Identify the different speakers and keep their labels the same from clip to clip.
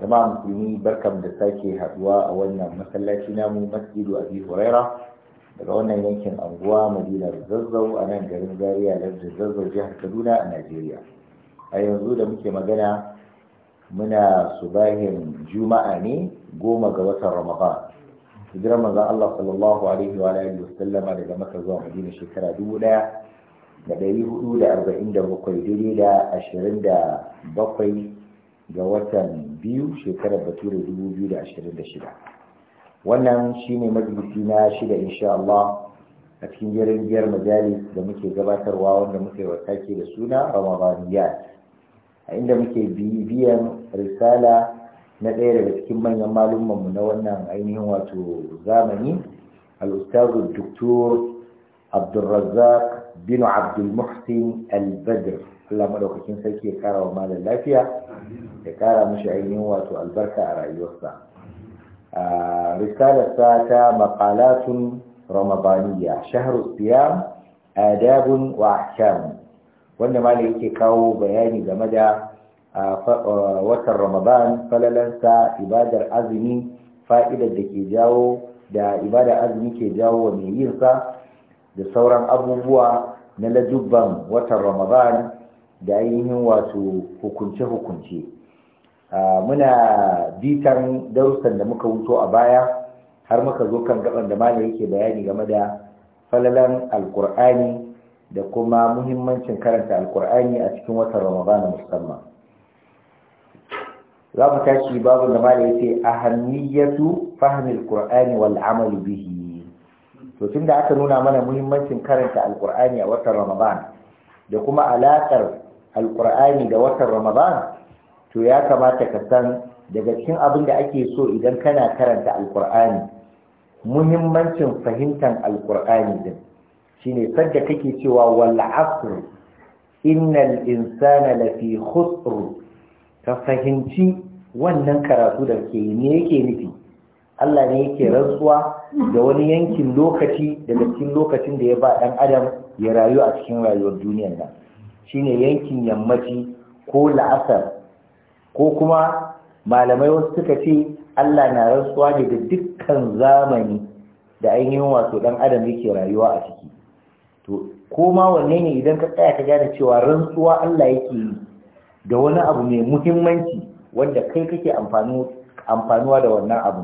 Speaker 1: jama'a musulmi barkam da sake haduwa a wannan masallaci namu masjidu abi huraira daga wannan yankin anguwa madinar zazzau a nan garin zaria lardin zazzau jihar kaduna a najeriya a yanzu da muke magana muna subahin juma'a ne goma ga watan ramadan hijirar manzon allah sallallahu alaihi wa alihi daga maka zuwa madina shekara dubu daya da ɗari hudu da arba'in da bakwai daidai da ashirin da bakwai ga watan biyu shekarar da 2026 wannan shine majalisi na shida insha Allah a cikin jerin giyar majalis da muke gabatarwa wanda muke wasake da suna ramadaniyat a inda muke biyan risala na ɗaya daga cikin manyan malumanmu na wannan ainihin wato zamani al-ustazu abdulrazak bin abdulmuhsin al Allah madaukakin sarki ya kara wa malam lafiya ya kara mishi ainihin wato albarka a rayuwarsa a risalarsa ta maqalatun ramadaniya shahru siyam adabun wa ahkam wanda malam yake kawo bayani game da watan ramadan falalansa ibadar azumi fa'idar da ke jawo da ibadar azumi ke jawo wa mai yinsa da sauran abubuwa na lajubban watan ramadan da ainihin wato hukunce-hukunce muna bitan darussan da muka wuto a baya har muka zo kan gaban da malam yake bayani game da falalan alkur'ani da kuma muhimmancin karanta alkur'ani a cikin watan ramadana musamman za mu tashi babu da malam yace ahammiyatu fahmi alkur'ani wal amal bihi to tunda aka nuna mana muhimmancin karanta alkur'ani a watan ramadana da kuma alaƙar alkur'ani da watan ramadan to ya kamata ka san daga cikin abin da ake so idan kana karanta alkur'ani muhimmancin fahimtar alkur'ani din shine sadda kake cewa wal asr innal insana lafi khusr ka fahimci wannan karatu da ke yi ne yake nufi Allah ne yake rantsuwa da wani yankin lokaci daga cikin lokacin da ya ba dan adam ya rayu a cikin rayuwar duniyar nan shine yankin yammaci ko la'asar ko kuma malamai wasu suka ce Allah na rantsuwa ne da dukkan zamani da ainihin wato dan adam yake rayuwa a ciki to ko ma wanne ne idan ka tsaya ka gane cewa rantsuwa Allah yake yi da wani abu mai muhimmanci wanda kai kake amfanuwa da wannan abu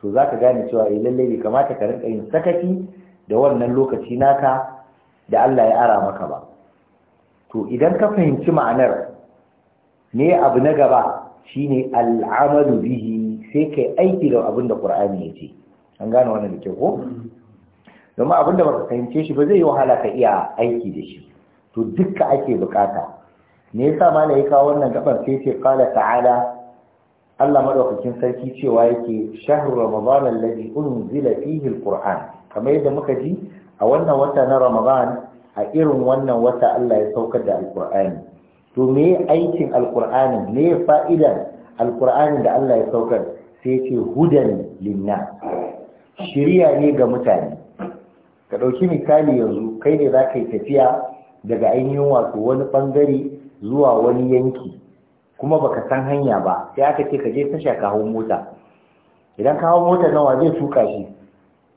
Speaker 1: to za ka gane cewa eh lallai bai kamata ka rinka yin sakaci da wannan lokaci naka da Allah ya ara maka ba to idan ka fahimci ma'anar ne abu na gaba shine al'amalu bihi sai kai aiki da abin da qur'ani ce. an gane wannan da ke ko domin abin da baka fahimce shi ba zai yi wahala ka iya aiki da shi to dukka ake bukata me yasa mana ya kawo wannan gaban sai ce qala ta'ala Allah madaukakin sarki cewa yake shahru ramadan alladhi unzila fihi alquran kamar yadda muka ji a wannan wata na ramadan a irin wannan wata Allah ya saukar da alkur'ani to me aikin alkur'ani me fa'idan alkur'ani da Allah ya saukar sai ce hudan linna Shirya ne ga mutane ka ɗauki misali yanzu kai ne za ka yi tafiya daga ainihin wato wani ɓangare zuwa wani yanki kuma baka san hanya ba sai aka ce ka je tasha ka mota idan kawo mota nawa zai tuka shi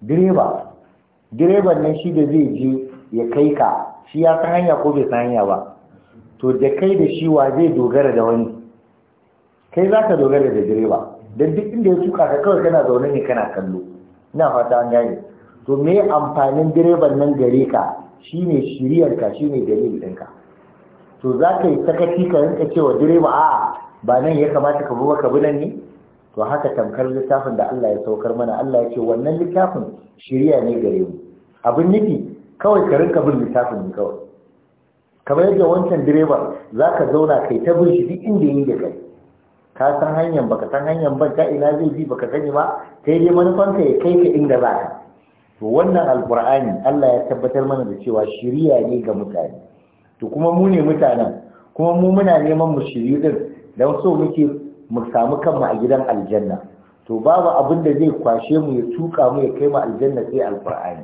Speaker 1: direba direban nan shi da zai je ya kai ka shi ya san hanya ko bai san hanya ba to da kai da shi wa zai dogara da wani kai za ka dogara da direba don duk inda ya tuka ka kawai kana zaune ne kana kallo ina fata an gane to me amfanin direban nan gare ka shine shiriyar ka shine dalil ɗinka to za ka yi sakaci ka rinka cewa direba a'a ba nan ya kamata ka buwa ka bi nan ne to haka tamkar littafin da Allah ya saukar mana Allah ya ce wannan littafin shiriya ne gare mu abin nufi kawai ka rinka bin littafin ne kawai kamar yadda wancan direba za ka zauna kai ta bin shi duk inda yi da kai ka san hanyar baka san hanyar ban ta ina zai bi baka sani ba yi dai manufanka ya kai ka inda za ka to wannan alkur'ani Allah ya tabbatar mana da cewa shiriya ne ga mutane to kuma mu ne mutanen kuma mu muna neman mu shiriyu din don so muke mu samu kanmu a gidan aljanna to babu abin da zai kwashe mu ya tuka mu ya kai mu aljanna sai alkur'ani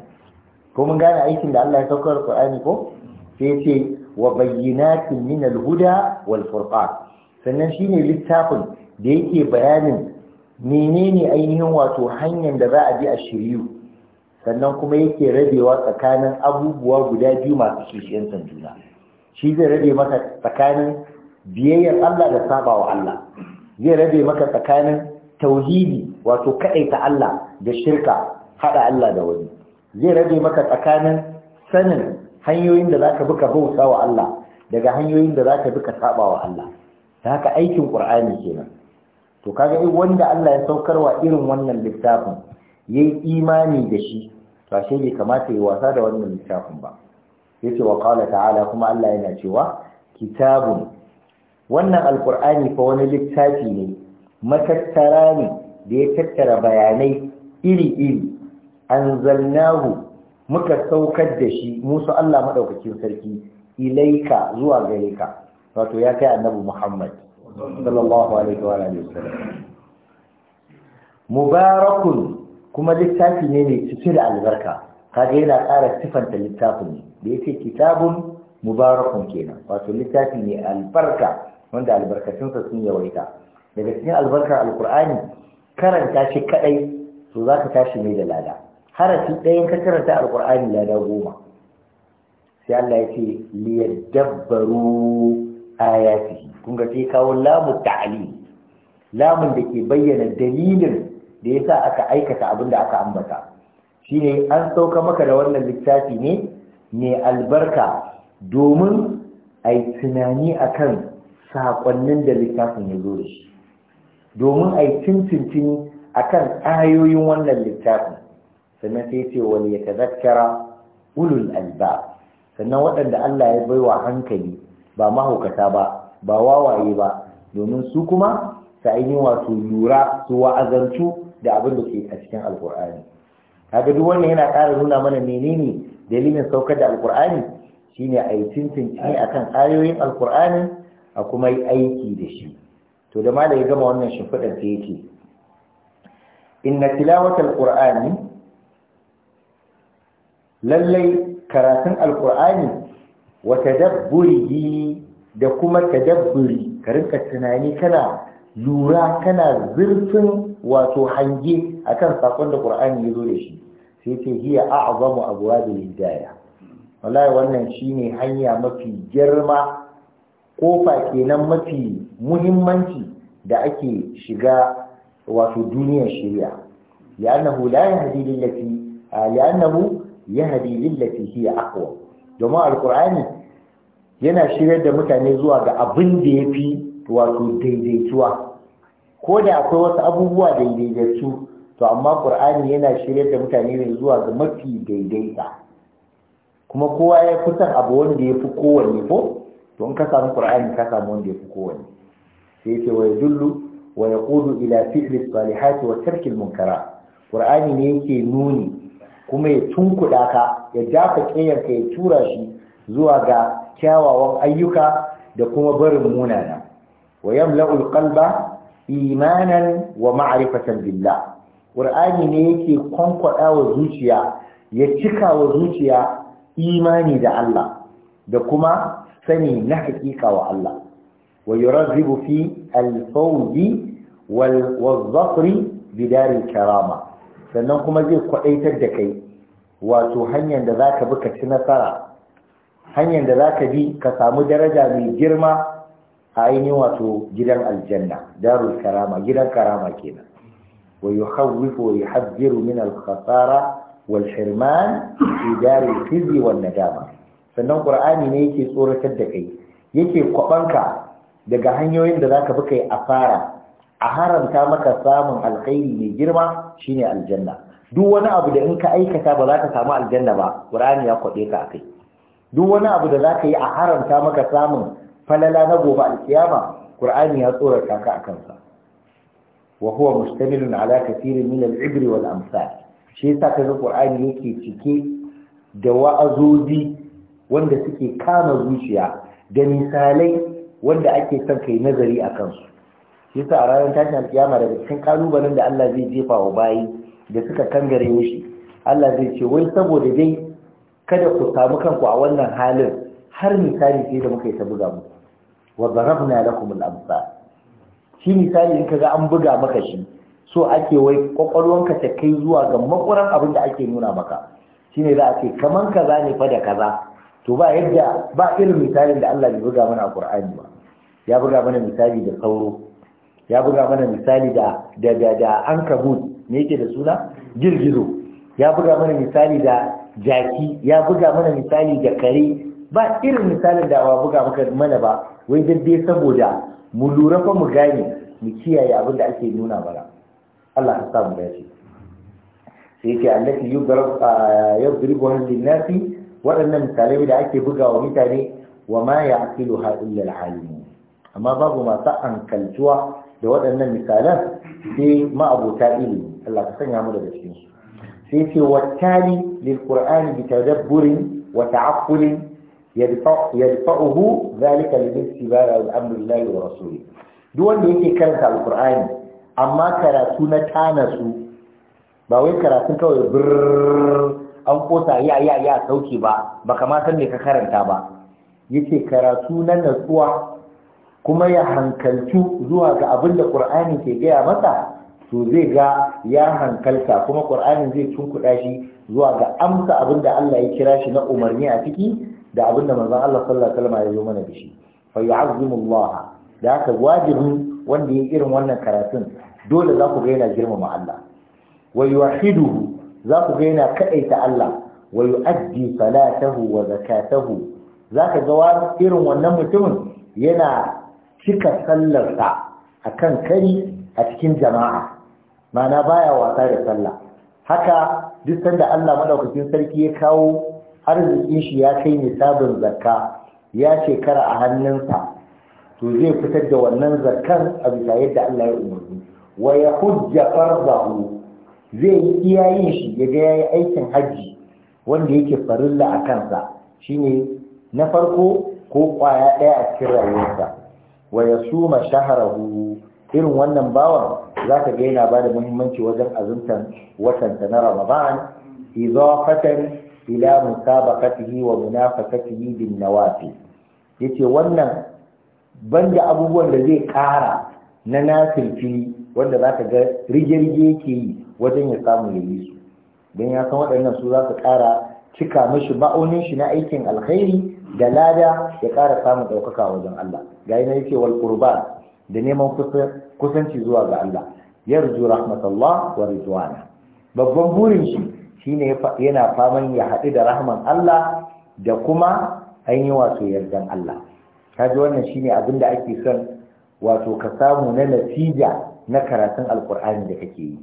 Speaker 1: ko mun gane aikin da Allah ya saukar Qur'ani ko sai ce wa bayyinatin min al-huda wal furqan sannan shine littafin da yake bayanin menene ainihin wato hanyar da za a bi a shiryu sannan kuma yake rabewa tsakanin abubuwa guda biyu masu kishiyantar juna shi zai rabe maka tsakanin biyayyar Allah da sabawa Allah zai rabe maka tsakanin tauhidi wato kaɗaita Allah da shirka haɗa Allah da wani zai rage maka tsakanin sanin hanyoyin da zaka bi ka bauta wa Allah daga hanyoyin da za bi ka saba wa Allah ta haka aikin ƙur'ani kenan to kaga wanda Allah ya saukarwa irin wannan littafin yayi imani da shi to ashe bai kamata yi wasa da wannan littafin ba yace wa qala ta'ala kuma Allah yana cewa kitabun wannan alqur'ani fa wani littafi ne matattara ne da ya tattara bayanai iri-iri anzalnahu muka saukar da shi musu Allah maɗaukacin sarki ilaika zuwa gare ka wato ya kai annabi Muhammad sallallahu alaihi wa alihi wasallam mubarakun kuma littafi ne mai cike da albarka kaga yana ƙara sifanta littafin ne da yake kitabun mubarakun kenan wato littafi ne albarka wanda sa sun yawaita daga cikin albarkar alkur'ani karanta shi kadai to zaka tashi ne da lada harafi ɗayan ka karanta alkur'ani ya da goma sai Allah ya ce liyadabbaru ayati kun ga sai kawo lamu ta'ali lamun da ke bayyana dalilin da yasa aka aikata abin da aka ambata shine an sauka maka da wannan littafi ne mai albarka domin a yi tunani a kan saƙonnin da littafin ya zo da shi domin a yi tuntuntuni a kan ayoyin wannan littafin sannan sai ce ya yatadhakkara ulul alba sannan waɗanda Allah ya baiwa hankali ba mahaukata ba ba wawaye ba domin su kuma sa wato lura su wa'azantu da abin da ke a cikin alkur'ani kaga duk wannan yana ƙara nuna mana menene dalilin saukar da alkur'ani shine a yi tuntunci akan ayoyin alkur'ani a kuma yi aiki da shi to da ma da ya gama wannan shimfiɗar sai yake inna tilawatal qur'ani lallai karatun alƙur'ani wata tadabburihi da kuma tadabburi ka rinka tunani kana lura kana zurfin wato hange akan sakon da ƙur'ani ya zo da shi sai ce hiya a'zamu da hidayah wallahi wannan shine hanya mafi girma kofa kenan mafi muhimmanci da ake shiga wato duniyar shiri'a. ya annahu la yahdi lillati ya annahu yahdi lillati hiya aqwa domin alqur'ani yana shiryar da mutane zuwa ga abin da yafi wato daidaituwa ko da akwai wasu abubuwa daidaitattu to amma qur'ani yana shiryar da mutane ne zuwa ga mafi daidaita kuma kowa ya fi son abu wanda ya fi kowanne ko to in ka samu qur'ani ka samu wanda ya fi kowanne sai ce wa yadullu wa yaqulu ila fi'li salihati wa tarkil munkara qur'ani ne yake nuni kuma ya tunkuɗa ka ya jafa ƙiyarka ya tura shi zuwa ga kyawawan ayyuka da kuma barin munana wa yamla'ul qalba imanan wa ma'rifatan billah qur'ani ne yake kwankwada wa zuciya ya cika wa zuciya imani da Allah da kuma sani na hakika wa Allah wa yurazzibu fi al-fawzi wal-zafri bidar karama sannan kuma zai kwaɗaitar da kai wato hanyar da za ka bi ka ci nasara hanyar da za ka bi ka samu daraja mai girma a ainihin wato gidan aljanna darul karama gidan karama kenan wa yukhawwifu wa yuhadhdhiru min al-khasara wal hirman fi daril khizi nadama sannan qur'ani ne yake tsoratar da kai yake kwabanka daga hanyoyin da zaka bi kai fara. a haramta maka samun alkhairi mai girma shine aljanna duk wani abu da in ka aikata ba za ka samu aljanna ba qur'ani ya kwade ka akai duk wani abu da za ka yi a haramta maka samun falala na gobe alkiyama qur'ani ya tsorata ka akan sa wa huwa mustamilun ala kathirin min al-ibr wal amsal shi yasa kaga qur'ani yake cike da wa'azozi wanda suke kama zuciya da misalai wanda ake son kai nazari akan su shi yasa a ranar tashin alkiyama daga cikin kalubalen da Allah zai jefa wa bayi da suka kangare mishi Allah zai ce wai saboda dai kada ku samu kanku a wannan halin har misali sai da muka yi ta buga muku wa zarabna lakum al shi misali in kaga an buga maka shi so ake wai kwakwalwanka ta kai zuwa ga makuran abin da ake nuna maka shine za a ce kaman kaza ne fa da kaza to ba yadda ba irin misalin da Allah bai buga mana a Qur'ani ba ya buga mana misali da sauro ya buga mana misali da da da da ankabut ne yake da suna girgizo ya buga mana misali da jaki ya buga mana misali da kare ba irin misalin da ba buga maka mana ba wai daddai saboda mu lura fa mu gane mu kiyaye abin da ake nuna bara Allah ya sa mu dace sai yake allati yudrab yadribu hadhihi waɗannan misalai da ake buga wa mutane wa ma ya'qiluha illa al-alim amma babu masu ankaltuwa da waɗannan misalan sai ma'abota ilimi Allah ka sanya mu daga cikin su sai ce wattali lil qur'ani bi tadabburin wa ta'aqqulin yadfa'uhu zalika lil istibara al amrillahi wa rasuli duk wanda yake karanta alqur'ani amma karatu na tanasu ba wai karatun kawai bir an kosa ya ya ya sauki ba ba kamar san me ka karanta ba yace karatu na natsuwa kuma ya hankaltu zuwa ga abin da ƙur'ani ke gaya masa to zai ga ya hankalta kuma ƙur'anin zai tunkuɗa shi zuwa ga amsa abin da Allah ya kira shi na umarni a ciki da abin da manzon Allah sallallahu alaihi wasallam ya zo mana da shi fa yu'azzimullah da haka wajibin wanda ya irin wannan karatun dole za ku ga yana girmama Allah wa yuwahiduhu za ku ga yana kaɗaita Allah wa yu'addi salatahu wa zakatahu za ka ga irin wannan mutumin yana cika sallarsa a kan kari a cikin jama'a mana baya wasa da sallah haka duk sanda Allah madaukakin sarki ya kawo arzikin shi ya kai nisabin zakka ya shekara a hannunsa to zai fitar da wannan zakkan a bisa yadda Allah ya umarni wa ya hujja farzahu zai yi iyayen shi ya ga yayi aikin hajji wanda yake farilla a kansa shine na farko ko kwaya ɗaya a cikin rayuwarsa wa suma shahrahu irin wannan bawan zaka ga yana bada muhimmanci wajen azumtan watan ta na Ramadan idafatan ila musabaqatihi wa munafasatihi bin nawafil yace wannan banda abubuwan da zai kara na nafilfili wanda zaka ga rige-rige yake yi wajen ya samu yayi su don ya san waɗannan su za su ƙara cika mashi ma'aunin shi na aikin alkhairi da lada ya ƙara samun ɗaukaka wajen Allah ga na yake wal qurban da neman kusanci zuwa ga Allah yarju rahmatullah wa ridwana babban burin shi shine yana faman ya haɗu da rahman Allah da kuma yi wato yardan Allah kaji wannan shine abin da ake son wato ka samu na natija na karatun alkur'ani da kake yi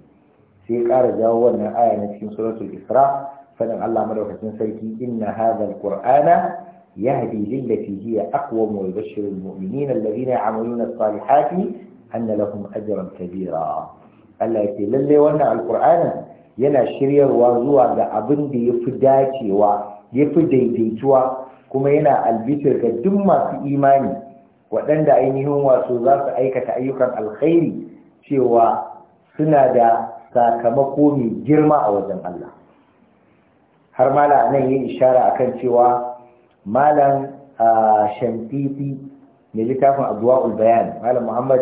Speaker 1: sai ƙara jawo wannan aya na cikin suratul isra fadin Allah madaukakin sarki inna hadha alqur'ana يهدي للتي هي أقوم ويبشر المؤمنين الذين يعملون الصالحات أن لهم أجرا كبيرا Allah ya ce lalle wannan alkur'anin yana shiryarwa zuwa ga abin da ya fi dacewa ya daidaituwa kuma yana albitir ga duk masu imani waɗanda ainihin wasu zasu aikata ayyukan alkhairi cewa suna da sakamako mai girma a wajen Allah har mala nan ya ishara akan cewa malam ah, shantiti mai littafin abuwa bayan malam muhammad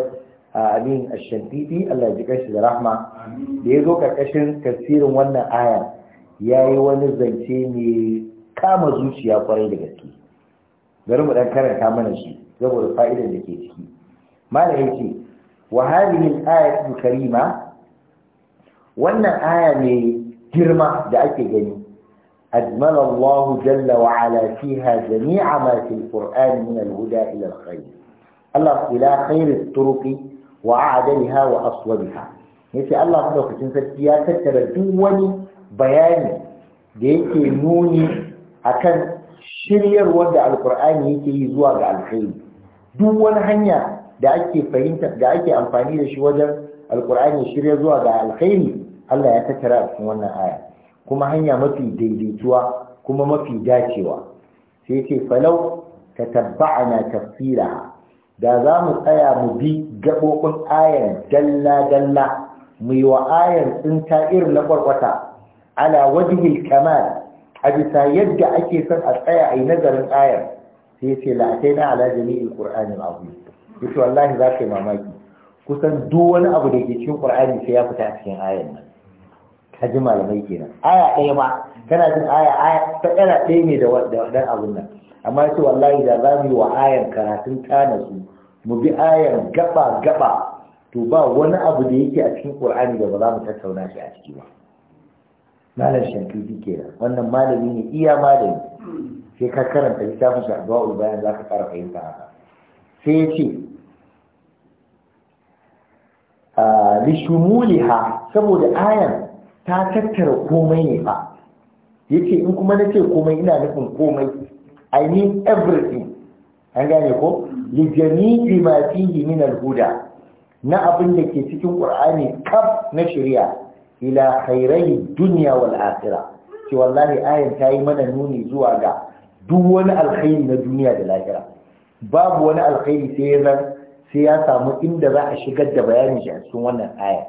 Speaker 1: ah, amin shantiti Allah ya ji kashi da rahma da ya zo karkashin tafsirin wannan aya ya yi wani zance mai kama zuciya kwarai da gaske bari mu dan karanta mana shi saboda fa'idar da ke ciki malam ya ce wa hadhihi al-ayatu karima wannan aya ne girma da ake gani أجمل الله جل jami'a فيها جميع ما في القرآن من الهدى إلى الخير الله إلى خير الطرق وأعدلها وأصوبها yace Allah madaukakin sarki ya tattara duk wani bayani da yake nuni akan shiryarwar da alkur'ani yake yi zuwa ga alkhairi duk wani hanya da ake fahimta da ake amfani da shi wajen alkur'ani shirya zuwa ga alkhairi Allah ya tattara a cikin wannan aya kuma hanya mafi daidaituwa kuma mafi dacewa sai ce falau ta tabba'ana tafsira da za mu tsaya mu bi gaɓoɓin ayar dalla-dalla mu yi wa ayar tsinta irin na ƙwarƙwata ala wajihil kamal a bisa yadda ake son a tsaya a yi nazarin ayar sai ce la'atai na ala jami'in ƙur'anin abu yake wallahi za ka yi mamaki kusan duk wani abu da ke cikin ƙur'ani sai ya fita a cikin ayar nan Aji malamai kenan aya ɗaya ma kana jin aya aya ta ɗaya ɗaya ne da waɗannan abun nan amma ce wallahi da za mu yi wa ayan karatun tana su mu bi ayan gaba gaba to ba wani abu da yake a cikin qur'ani da ba za mu tattauna shi a ciki ba malam shankiti kenan wannan malami ne iya malami sai ka karanta littafin sha'ba'ul bayan za ka fara fahimta haka sai ya ce ah, lishumuliha saboda ayan ta tattara komai ne fa yace in kuma nace komai ina nufin komai i mean everything an gane ko li jami'i ma fihi min al-huda na abin da ke cikin qur'ani kaf na shari'a ila khairai dunya wal akhirah ce wallahi ayan ta yi mana nuni zuwa ga duk wani alkhairi na duniya da lahira babu wani alkhairi sai ya sai ya samu inda za a shigar da bayanin shi a cikin wannan aya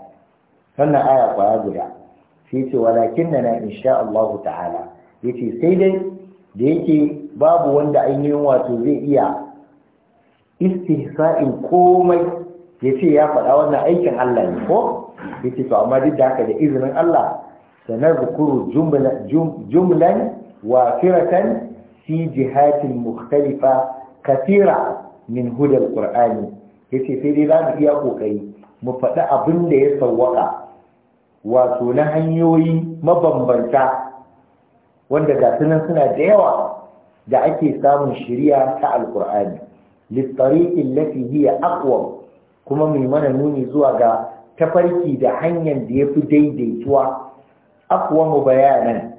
Speaker 1: wannan aya kwaya guda sai ce walakin na insha Allah ta'ala yace sai dai da yake babu wanda ainihin wato zai iya istihsa'in komai yace ya faɗa wannan aikin Allah ne ko ce to amma duk da haka da izinin Allah da kuru jumlan wafiratan fi jihatin mukhtalifa kafira min hudal qur'ani yace sai dai za mu iya kokari mu faɗi abin da ya sawwaka wato na hanyoyi mabambanta wanda ga sunan suna da yawa da ake samun shiriya ta alkur'ani littariƙin lafi hiya aqwam kuma mai mana nuni zuwa ga tafarki da hanyar da ya fi daidaituwa aqwamu bayanan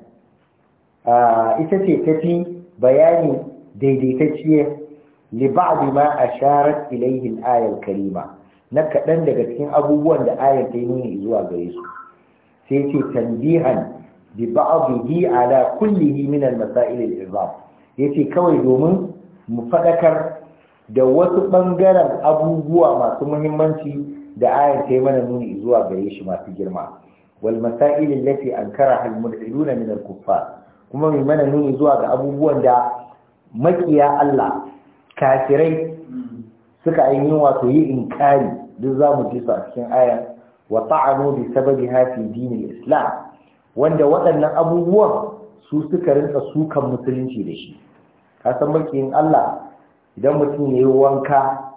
Speaker 1: ita ce fi bayani daidaitacciye li ma a sharar al karima na kaɗan daga cikin abubuwan da ayar ta yi nuni zuwa gare su sai ce tanbihan bi ba'dihi ala kullihi min al-masail al-izam yace kawai domin mu fadakar da wasu bangaren abubuwa masu muhimmanci da ayar ta mana nuni zuwa gare shi masu girma wal masail allati ankaraha al-mud'iluna min al-kuffar kuma mai mana nuni zuwa ga abubuwan da makiya Allah kafirai suka ainihin wato yi inkari duk za mu ji su a cikin ayar wa ta'anu bi sababiha fi al islam wanda waɗannan abubuwan su suka rinka sukan musulunci da shi ka san mulkin Allah idan mutum ya wanka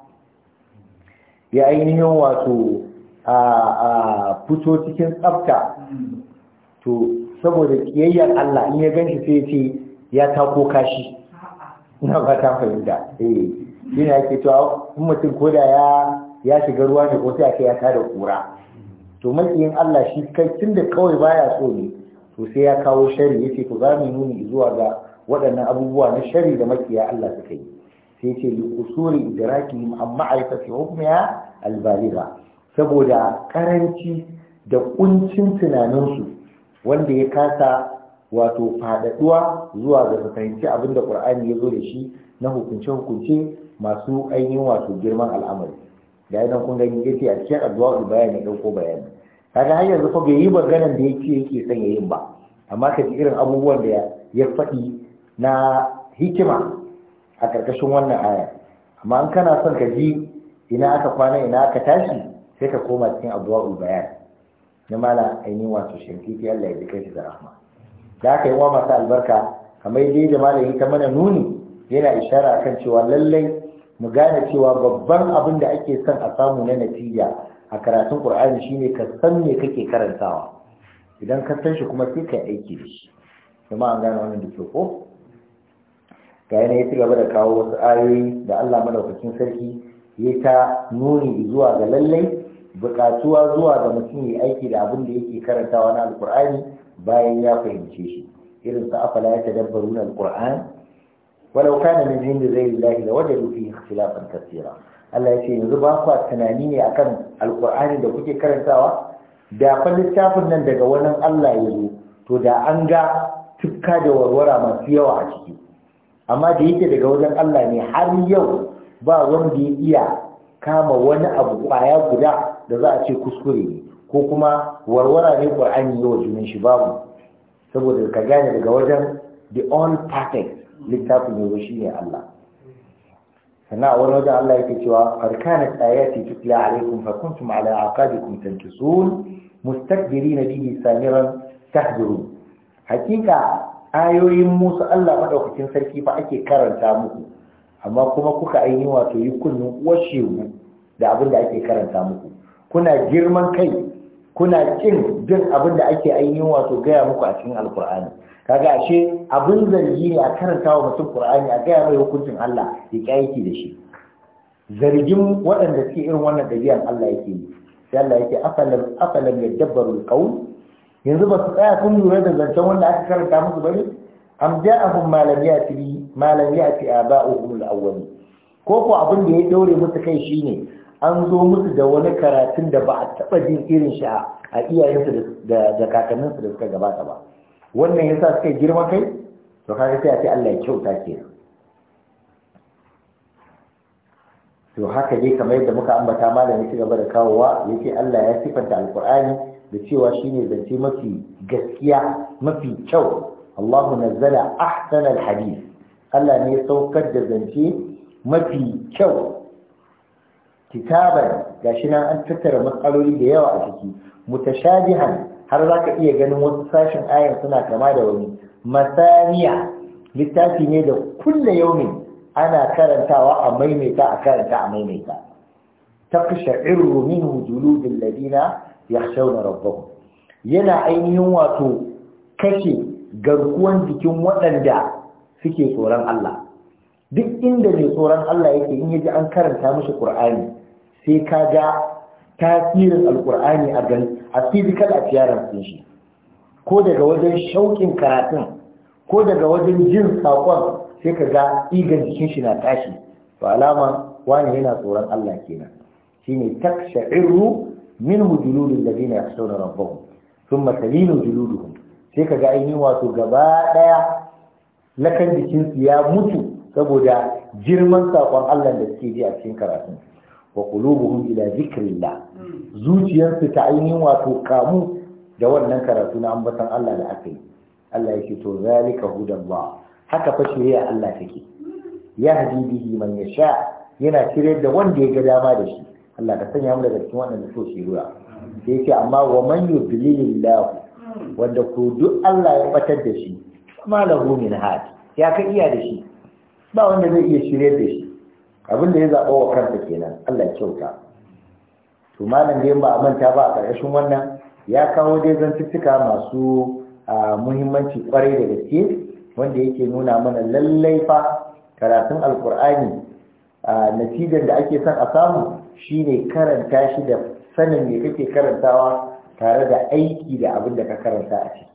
Speaker 1: ya ainihin wato a a fito cikin tsafta to saboda kiyayyar Allah in ya ganshi sai ce ya tako kashi ina ba ta fahimta eh yana ke cewa mutum koda ya ya shiga ruwa ne ko sai a ce ya kura to makiyin Allah shi kai da kawai baya so ne to sai ya kawo shari yace to za mu nuni zuwa ga waɗannan abubuwa na shari da makiya Allah suka yi sai ce li usuri idrakihim amma ma'rifati hukmiha albaligha saboda karanci da kuncin tunaninsu wanda ya kasa wato faɗaɗuwa zuwa ga su fahimci abin da ƙur'ani ya zo da shi na hukunce-hukunce masu ainihin wato girman al'amari da idan kun gani yace a cikin addu'a bayani dauko bayani kaga har yanzu fa bai yi maganar da yake yake son yayin ba amma ka ji irin abubuwan da ya faɗi na hikima a ƙarƙashin wannan aya amma an kana son ka ji ina aka kwana ina aka tashi sai ka koma cikin addu'a bayani na mala ainihin wato shankiki Allah ya ji kai da rahma da aka yi wa masu albarka kamar dai da malamin ta mana nuni yana ishara kan cewa lallai mu gane cewa babban abin da ake son a samu na natija a karatun ƙur'ani shine ka san me kake karantawa idan ka san shi kuma sai ka aiki da shi kuma an gane wannan da ko ga ya ci gaba da kawo wasu ayoyi da Allah madaukakin sarki ya ta nuni zuwa ga lallai buƙatuwa zuwa ga mutum ya aiki da abin da yake karantawa na alƙur'ani bayan ya fahimce shi irin sa afala ya na alƙur'ani walau kana min inda zai lillahi da wajadu fi ikhtilafan Allah ya ce yanzu ba kwa tunani ne akan alqur'ani da kuke karantawa da littafin nan daga wannan Allah ya zo to da an ga tukka da warwara masu yawa a ciki amma da yake daga wajen Allah ne har yau ba wanda ya iya kama wani abu kwaya guda da za a ce kuskure ne ko kuma warwara ne qur'ani yawa junan shi babu saboda ka gane daga wajen the all perfect littafin yanzu shi ne Allah sannan a wani wajen Allah yake cewa farkanat ayati tutla alaikum fa kuntum ala aqabikum tankisun na bihi samiran tahdiru. hakika ayoyin musa Allah maɗaukakin sarki fa ake karanta muku amma kuma kuka aini wato yi kunnin uwashewu da abin da ake karanta muku kuna girman kai kuna kin jin abin da ake ainihin wato gaya muku a cikin alkur'ani kaga ashe abin zargi ne a karanta wa mutum qur'ani a gaya mai hukuncin Allah ya ki aiki da shi zargin waɗanda suke irin wannan ɗabi'an Allah yake yi sai Allah yake afalam afalam dabbaru alqawl yanzu ba su tsaya kun lura da zancen wanda aka karanta musu bane am ja'ahum ma lam ya'ti ma lam ya'ti aba'uhum al ko ko abin da ya daure musu kai shine an zo musu da wani karatun da ba a taɓa jin irin shi a iyayensu da kakanninsu da suka gabata ba wannan yasa suka girma kai to kaga sai a ce Allah ya kyauta ke to haka dai kamar yadda muka ambata malami ci gaba da kawowa yace Allah ya sifanta alqur'ani da cewa shine zance mafi gaskiya mafi kyau Allahu nazzala ahsana alhadith Allah ne ya saukar da zance mafi kyau kitaban gashi nan an tattara matsaloli da yawa a ciki mutashabihan har za ka iya ganin wasu sashen ayan suna kama da wani masaniya littafi ne da kulle yaumi ana karantawa a maimaita a karanta a maimaita taqsha'iru minhu bin ladina na rabbahum yana ainihin wato kashe garkuwan jikin waɗanda suke tsoron Allah duk inda mai tsoron Allah yake in yaji an karanta mishi Qur'ani sai ka ga tasirin alkur'ani a gan a physical appearance din shi ko daga wajen shauƙin karatun ko daga wajen jin saƙon sai ka ga igan jikin shi na tashi to alama wani yana tsoron Allah kenan shine takshairu min juludul ladina yakhshawna rabbahum thumma talinu juluduhum sai ka ga ainihin wato gaba daya lakan jikin su ya mutu saboda girman saƙon Allah da suke ji a cikin karatun wa qulubuhum ila zikrillah zuciyarsu ta ainihin wato kamu da wannan karatu na ambatan Allah da aka yi Allah yake to zalika hudallah haka fa shari'a Allah take yahdi bihi man yasha yana shirye da wanda ya ga dama da shi Allah ka sanya mu daga cikin wannan so shi ruwa sai yake amma wa man yudlilillah wanda ku duk Allah ya batar da shi ma lahu min had ya ka iya da shi ba wanda zai iya shirye da shi abin da ya zaɓa wa kanta kenan Allah ya kyauta to malam dai ba a manta ba a ƙarƙashin wannan ya kawo dai zantuttuka masu muhimmanci kwarai da gaske wanda yake nuna mana lallai fa karatun alkur'ani natijar da ake son a samu shine karanta shi da sanin me kake karantawa tare da aiki da abin da ka karanta a ciki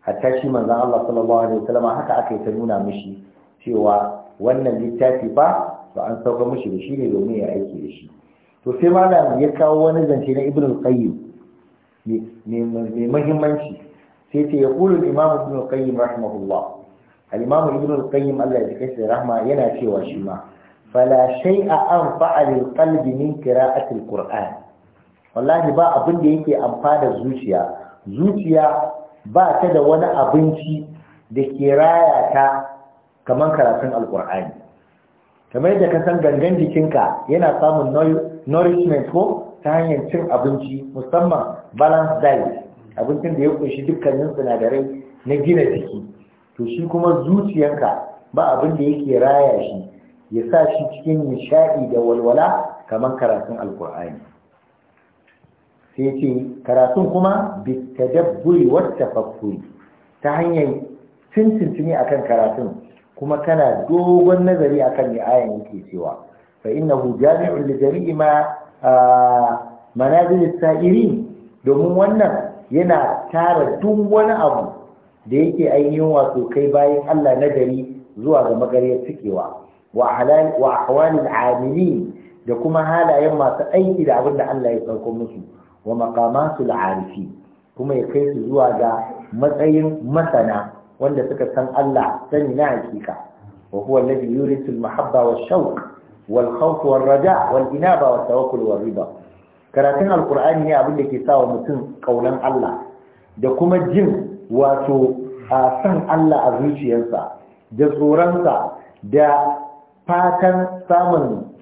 Speaker 1: hatta shi manzon Allah sallallahu alaihi wasallam haka aka yi ta nuna mishi cewa wannan littafi ba to an sauka mushi da shi ne domin ya aiki da shi to sai malam ya kawo wani zance na ibn al-qayyim mai muhimmanci sai ce ya kula imam ibn al-qayyim rahimahullah al-imam ibn al-qayyim Allah ya jikashi da rahma yana cewa shi ma fala shay'a anfa'a lil qalbi min qira'ati al-qur'an wallahi ba abin da yake amfana zuciya zuciya ba ta da wani abinci da ke raya ta kamar karatun alkur'ani kamar yadda ka san gangan jikinka yana samun nourishment ko ta hanyar cin abinci musamman balance diet abincin da ya kunshi dukkanin sinadarai na gina jiki to shi kuma zuciyanka ba abin da yake raya shi ya sa shi cikin nishaɗi da walwala kamar karatun alkur'ani sai ce karatun kuma bitadabburi wata fafuri ta hanyar cincin akan karatun kuma kana dogon nazari akan me ayan yake cewa fa innahu jami'un li ma manazil sa'irin domin wannan yana tara duk wani abu da yake ainihin wato kai bayan Allah na gari zuwa ga magariyar cikewa wa ahwalil amilin da kuma halayen masu aiki da abin da Allah ya sauko musu wa maqamatul arifi kuma ya kai su zuwa ga matsayin masana wanda suka san Allah sani na hakika wa huwa alladhi yurisu al-mahabba wash-shawq wal-khawf war-raja inaba tawakkul riba karatun alqur'ani ne abin da ke sawa mutum kaunan Allah da kuma jin wato a san Allah a zuciyarsa da tsoronsa da fatan samun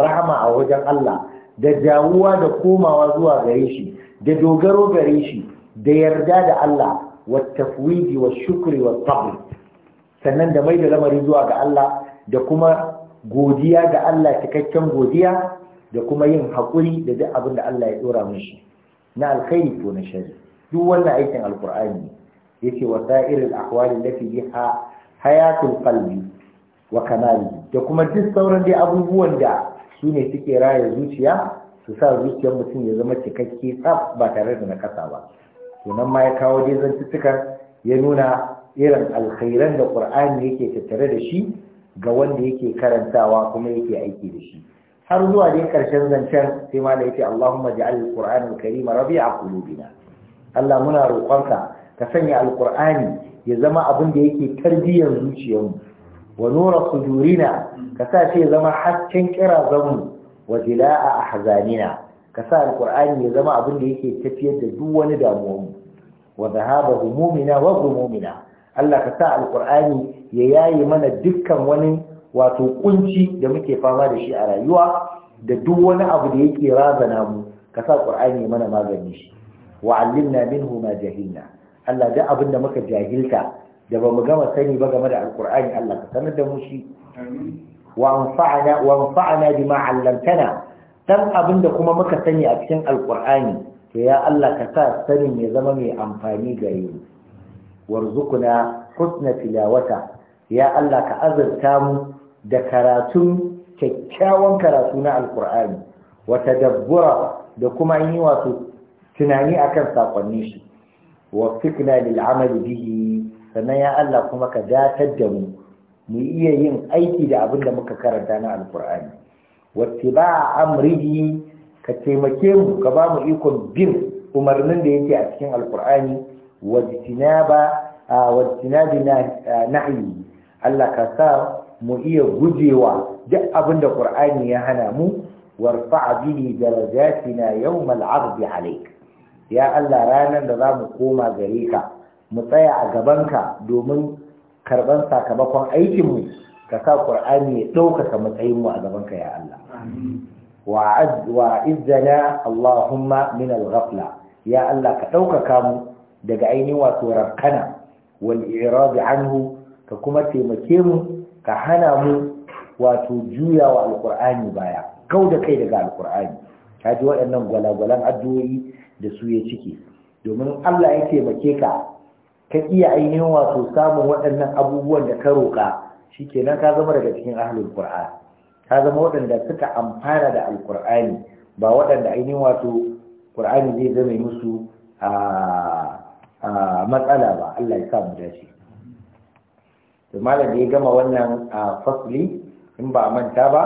Speaker 1: rahama a wajen Allah da jawuwa da komawa zuwa gare shi da dogaro gare shi da yarda da Allah والتفويض والشكر والصبر sannan da mai da lamari zuwa ga Allah da kuma godiya ga Allah cikakken godiya da kuma yin haƙuri da duk abin da Allah ya dora mishi na alkhairi ko na shari duk wannan aikin alkur'ani ne yace wa irin ahwali allati biha hayatul qalbi wa kamali da kuma duk sauran dai abubuwan da su ne suke raya zuciya su sa zuciyar mutum ya zama cikakke tsaf ba tare da nakasa ba to ma ya kawo dai zantuttukan ya nuna irin alkhairan da ƙur'ani yake tattare da shi ga wanda yake karantawa kuma yake aiki da shi har zuwa dai karshen zancen sai ma da yake Allahumma ja'al al-Qur'an al rabi rabi'a qulubina Allah muna roƙonka ka sanya al ya zama abin da yake tarbiyyar zuciyarmu wa nura sudurina ka sa shi ya zama hasken kirazanmu wa jila'a ahzanina ka sa al ya zama abin da yake tafiyar da duk wani damuwarmu wa zahaba wa gumumina Allah ka sa alqur'ani ya yayi mana dukkan wani wato kunci da muke fama da shi a rayuwa da duk wani abu da yake razana mu ka sa Alƙur'ani ya mana magani shi wa allimna minhu ma jahilna Allah da abin da muka jahilta da bamu gama sani ba game da Alƙur'ani Allah ka sanar da mu shi وانفعنا وانفعنا بما dan abin da kuma muka sani a cikin Alƙur'ani. to ya Allah ka sa sanin ya zama mai amfani gare mu warzuqna husna tilawata ya Allah ka azurta mu da karatun kyakkyawan karatu na alqur'ani wa tadabbura da kuma yi wato tunani akan sakonni shi wa fikna lil amali bihi sannan ya Allah kuma ka datar da mu mu iya yin aiki da abin da muka karanta na alqur'ani wattiba'a amrihi ka taimake mu ka ba mu ikon bin umarnin da yake a cikin alkur'ani wajtinaba wajtinabi nahyi Allah ka sa mu iya gujewa duk abin da qur'ani ya hana mu warfa'a bihi darajatina yawmal 'ardi 'alayk ya Allah ranar da za mu koma gare ka mu tsaya a gabanka domin karban sakamakon aikin mu ka sa qur'ani ya ɗaukaka matsayin mu a gabanka ya Allah amin wa'izzana Allahumma min al-ghafla ya Allah ka ɗaukaka mu daga ainihin wato rakkana wal anhu ka kuma taimake mu ka hana mu wato juyawa alqur'ani baya kau da kai daga Ta ji waɗannan gwalagwalan addu'o'i da su ya ciki domin Allah ya taimake ka ka iya ainihin wato samun waɗannan abubuwan da ka roƙa kenan ka zama daga cikin ahalin qur'an ta zama waɗanda suka amfana da alkur'ani ba waɗanda ainihin wato ƙur'ani zai zama musu a matsala ba Allah ya sa mu dace to malam da ya gama wannan fasli in ba manta ba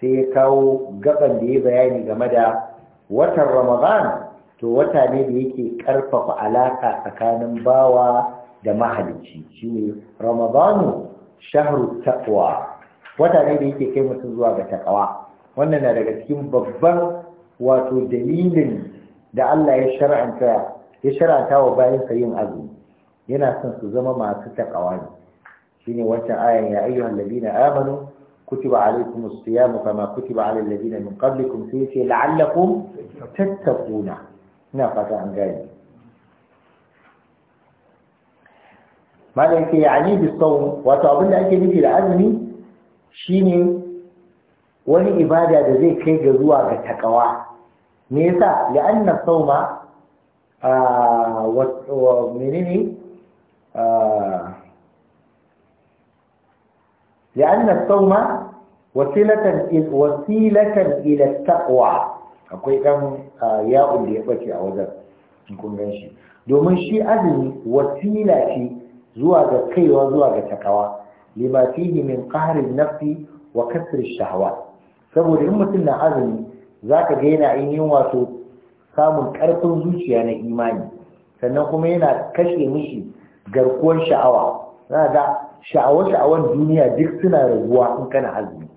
Speaker 1: sai ya kawo gaban da ya bayani game da watan ramadan to wata ne da yake karfafa alaka tsakanin bawa da mahalicci shi ne ramadanu shahru taqwa wata ne da yake kai mutum zuwa ga takawa wannan na daga cikin babban wato dalilin da Allah ya shar'anta ya shar'anta wa bayan sa yin azumi yana son su zama masu takawa ne shine wancan ayan ya ayyuhal ladina amanu kutiba alaykumus siyamu kama kutiba alal ladina min qablikum sai ce la'allakum tattaquna ina fata an gane malaka yani bisawm wato abinda ake nufi da azumi shine wani ibada da zai kai ga zuwa ga takawa me yasa la'anna sauma wa menene لأن الصوم sauma wasilatan إلى التقوى akwai ɗan ya'un da ya ɓace a wajen kun gan shi domin shi azumi wasila ce zuwa ga kaiwa zuwa ga takawa lima fihi min qahrin nafsi wa kasr sha'awa. saboda in mutum na azumi zaka ga yana yin wato samun karfin zuciya na imani sannan kuma yana kashe mishi garkuwar sha'awa ga sha'awar sha'awar duniya duk suna raguwa in kana azumi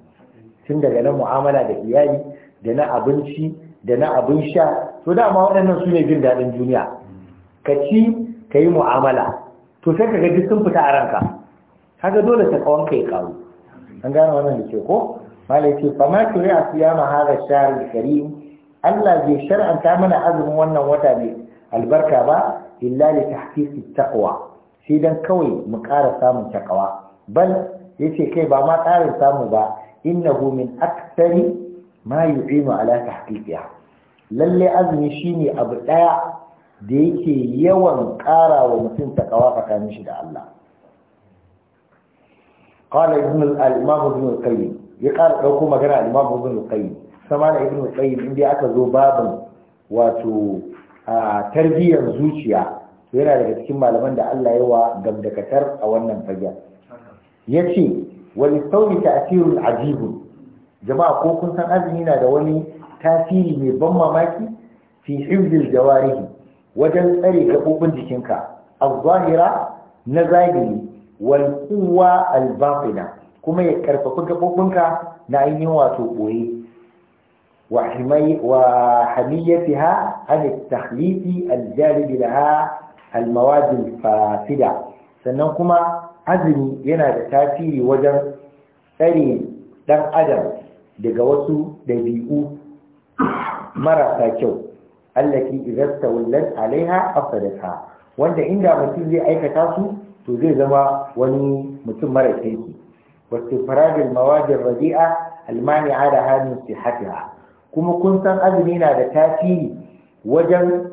Speaker 1: tun daga na mu'amala da iyali da na abinci da na abin sha to dama waɗannan su ne jin daɗin duniya ka ci ka yi mu'amala to sai ka ga duk sun fita a ranka kaga dole ta kawon kai kawo an gano wannan da ke ko malai ce fa ma kire a siyama hada shahr karim Allah bai shar'anta mana azumin wannan wata ne albarka ba illa li tahqiqi taqwa sai dan kawai mu ƙara samun takawa bal yace kai ba ma ƙarin samu ba innahu min aksari ma yu'inu ala tahqiqiha lalle azumi shine abu daya da yake yawan ƙara wa mutum takawa tsakanin shi da Allah قال ابن ƙara ابن القيم يقال لكم مجرى الإمام ابن القيم سمعنا ابن القيم عندي أكذو بابا واتو tarbiyyar zuciya yana daga cikin malaman da Allah ya wa gamdakatar a wannan fagen ya ce wani sauri ta'asirun ajibun jama'a ko kun san azumi na da wani tasiri mai ban mamaki fi hibzil jawarihi wajen tsare gaɓoɓin jikinka al-zahira na zahiri wal Albafina, kuma ya karfafi gabobinka na ainihin wato boye wa himay wa hamiyatiha an takhlifi al-jalib fasida sannan kuma azumi yana da tasiri wajen tsare dan adam daga wasu dabi'u marasa kyau allati idza tawallat alaiha afadatha wanda inda mutum zai aikata su to zai zama wani mutum mara kirki wasu faradin mawajin rabi'a almani da hannun sihatiha kuma kun san azumi na da tasiri wajen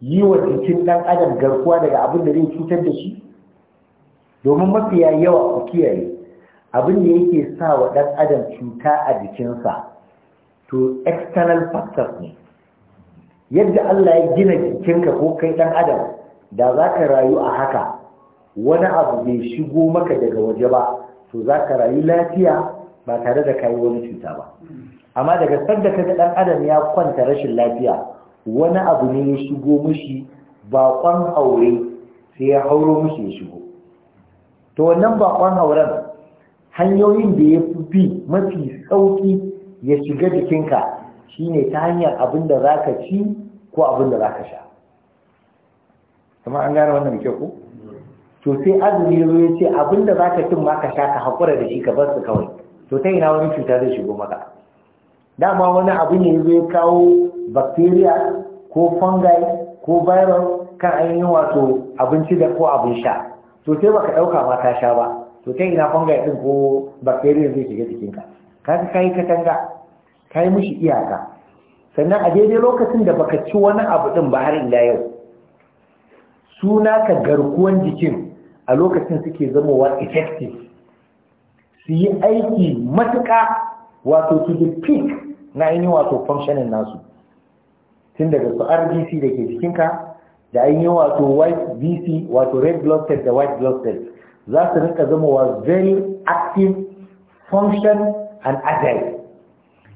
Speaker 1: yi wa jikin ɗan adam garkuwa daga abin da zai cutar da shi domin mafiya yawa ku kiyaye abin da yake sa wa ɗan adam cuta a jikinsa to external factors ne yadda Allah ya gina jikinka ko kai ɗan adam da za ka rayu a haka wani abu bai shigo maka daga waje ba to za ka rayu lafiya ba tare da kayi wani cuta ba amma daga sanda kaga dan adam ya kwanta rashin lafiya wani abu ne ya shigo mishi baƙon aure sai ya hauro mishi ya shigo to wannan baƙon auren hanyoyin da ya fi bi mafi sauki ya shiga jikinka shine ta hanyar abin da za ka ci ko abin da za ka sha kuma an gane wannan ke ku. to sai azumi ya zo ya ce abinda za ka cin ma ka sha ka haƙura da shi ka bar su kawai to ta ina wani cuta zai shigo maka dama wani abu ne zai kawo bacteria ko fungi ko virus kan ainihin wato abinci da ko abin sha to sai baka ɗauka ma ka sha ba to ta ina fungi ɗin ko bacteria zai shiga jikinka Ka ka kayi katanga yi mishi iyaka sannan a daidai lokacin da baka ci wani abu ɗin ba har ila yau suna ka garkuwan jikin a lokacin suke zama wa effective su yi aiki matuƙa wato to the peak na yi wato functioning nasu tun daga su rbc da ke jikinka da yi wato white bc wato red blood cell da white blood cell za su rinka wa very active function and agile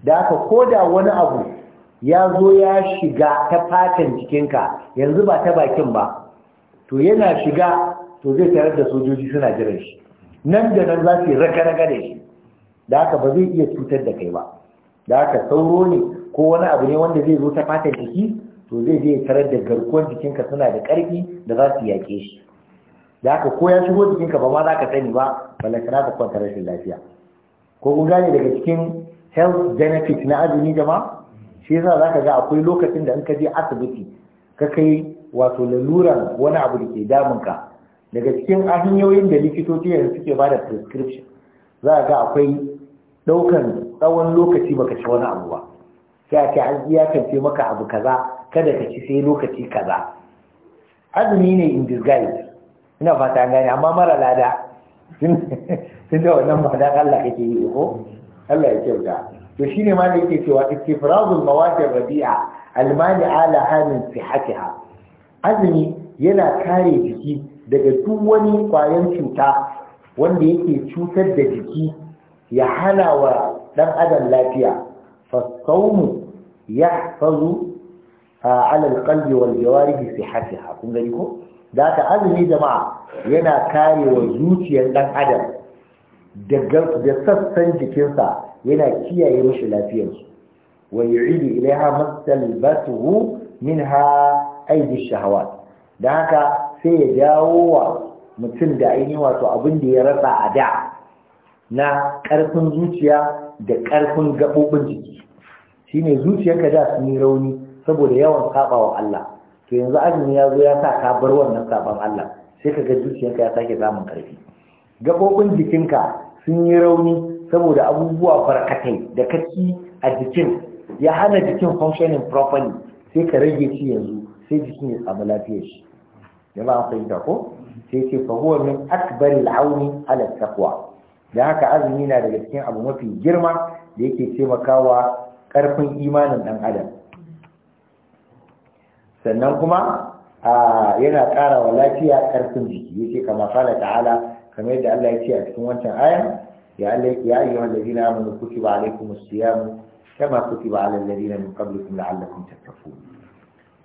Speaker 1: da aka koda wani abu ya zo ya shiga ta fatan jikinka yanzu ba ta bakin ba to yana shiga to zai tarar da sojoji suna jiran shi nan da nan za su raka raka da shi da haka ba zai iya cutar da kai ba da haka sauro ne ko wani abu ne wanda zai zo ta fatan jiki to zai je tarar da garkuwar jikinka suna da ƙarfi da za su yaƙe shi da haka ko ya shigo jikinka ba ma za ka sani ba za ka kwanta rashin lafiya ko kun gane daga cikin health benefit na azumi jama'a shi yasa za ka ga akwai lokacin da in ka je asibiti ka kai wato laluran wani abu da ke damunka daga cikin hanyoyin da likitoci yanzu suke ba da prescription za a ga akwai ɗaukan tsawon lokaci baka ci wani abu ba sai a ce an iyakance maka abu kaza kada ka ci sai lokaci kaza azumi ne in disguise ina fata gane amma mara lada sun da wannan ba dan Allah kake yi ko Allah ya kyauta to shine ma da yake cewa istifrazul mawadi rabi'a almani ala hanin sihatiha azumi yana kare jiki daga duk wani kwayan cuta wanda yake cutar da jiki ya hana wa ɗan adam lafiya fasaumu ya fazu a alal kalbi wal jawarihi fi hasiha kun ko da aka azumi jama'a yana kare wa zuciyar ɗan adam da sassan jikinsa yana kiyaye mashi lafiyarsu wa yu'idu ilaiha masalbatuhu minha aidish shahawat da haka sai ya dawo wa mutum da ainihin wato abin da ya rasa a da na ƙarfin zuciya da ƙarfin gaɓoɓin jiki Shi shine zuciyarka da sun yi rauni saboda yawan saba wa Allah to yanzu azumi ya zo ya sa ka bar wannan saban Allah sai ka ga zuciyarka ya sake samun ƙarfi gaɓoɓin jikinka sun yi rauni saboda abubuwa barkatai da kaki a jikin ya hana jikin functioning properly sai ka rage shi yanzu sai jikin ya samu lafiyar shi jama'a da ko sai ce fa huwa min akbaril auni ala taqwa da haka azumi na daga cikin abu mafi girma da yake taimakawa karfin imanin dan adam sannan kuma yana ƙara wa lafiya ƙarfin jiki yake kama ala ta'ala kamar yadda Allah ya ce a cikin wancan ayan ya Allah ya ayyuha alladhina amanu kutiba alaykumus siyam kama kutiba alal ladina min qablikum la'allakum tattaqun